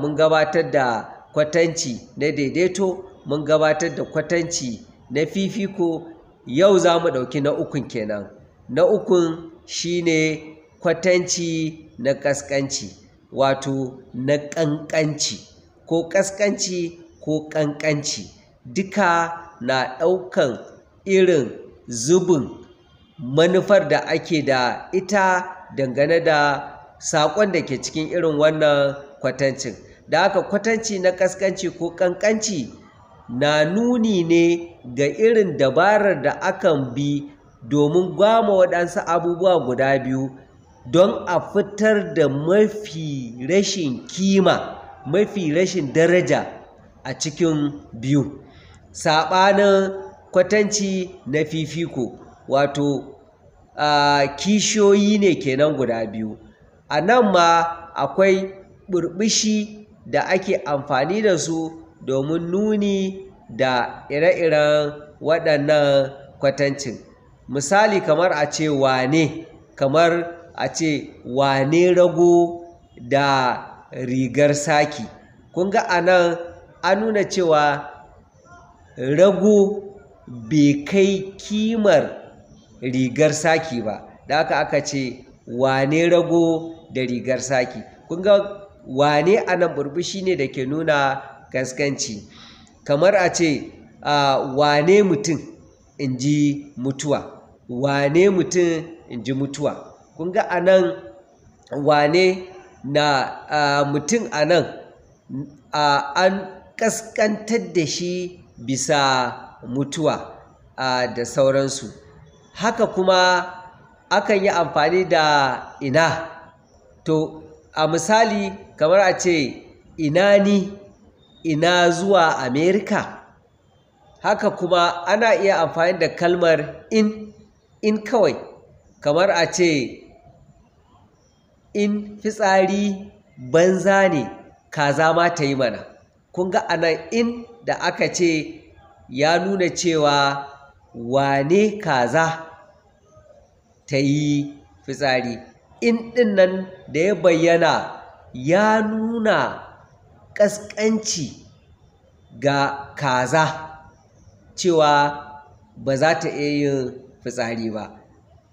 mun gabatar da kwatanci na daidaito mun gabatar da kwatanci na fifiko yau za mu ɗauki na ukun kenan na ukun shine kwatanci na ƙasƙanci wato na ƙanƙanci ko ƙasƙanci ko ƙanƙanci duka na ɗaukan irin zubin manufar da ake da ita dangane da saƙon da ke cikin irin wannan kwatancin da haka kwatanci na kaskanci ko kankanci na nuni ne ga irin dabarar da akan bi domin gwama waɗansu abubuwa guda biyu don a fitar da mafi rashin kima mafi rashin daraja a cikin biyu saɓanin kwatanci na fifiko wato uh, kishiyoyi ne kenan guda biyu a nan ma akwai burbushi da ake amfani da su domin nuni da ire-iren waɗannan kwatancin misali kamar a ce wane kamar a ce wane rago da rigar saki kun ga a nan an nuna cewa rago bai kai kimar rigar saki ba da haka aka ce wane rago da rigar saki kun ga wane a nan burbushi ne da ke nuna gaskanci kamar a ce wane mutum in ji mutuwa wane mutum in ji mutuwa kun ga a nan wane na mutum a nan an kaskantar da shi bisa mutuwa da sauransu haka kuma akan yi amfani da ina to a misali kamar a ce ina ni ina zuwa Amerika? haka kuma ana iya amfani da kalmar in in kawai kamar a ce in fitsari banza ne kaza ma ta yi mana kun ga anan in da aka ce ya nuna cewa wane kaza ta yi fitsari in ɗin nan da ya bayyana ya nuna ƙasƙanci ga kaza cewa ba za ta iya yin fitsari ba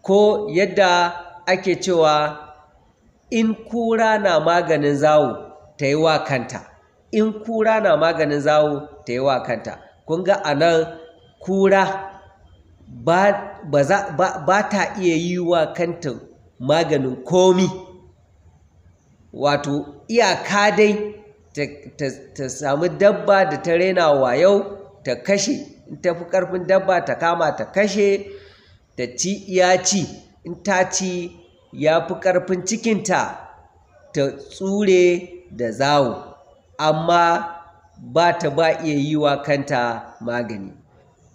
ko yadda ake cewa in kura na maganin zawo ta yi wa kanta in kura na maganin zawo ta yi wa kanta kun ga a nan kura ba, ba ta iya yi wa kanta maganin komi wato iyaka dai ta sami dabba da ta raina yau ta kashe in ta fi ƙarfin dabba ta kama ta kashe ta ci ya ci in ta ci ya fi ƙarfin cikinta ta tsure da zawo amma ba ta ba iya yi wa kanta magani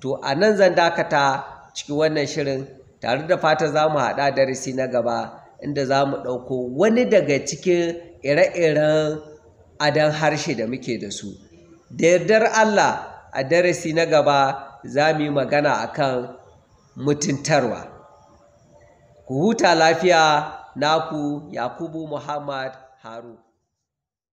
to a nan zan dakata cikin wannan shirin tare da fata za mu haɗa darasi na gaba inda za mu ɗauko wani daga cikin ire-iren adon harshe da muke da su da yardar allah a darasi na gaba za mu yi magana akan mutuntarwa ku huta lafiya naku yakubu muhammad haru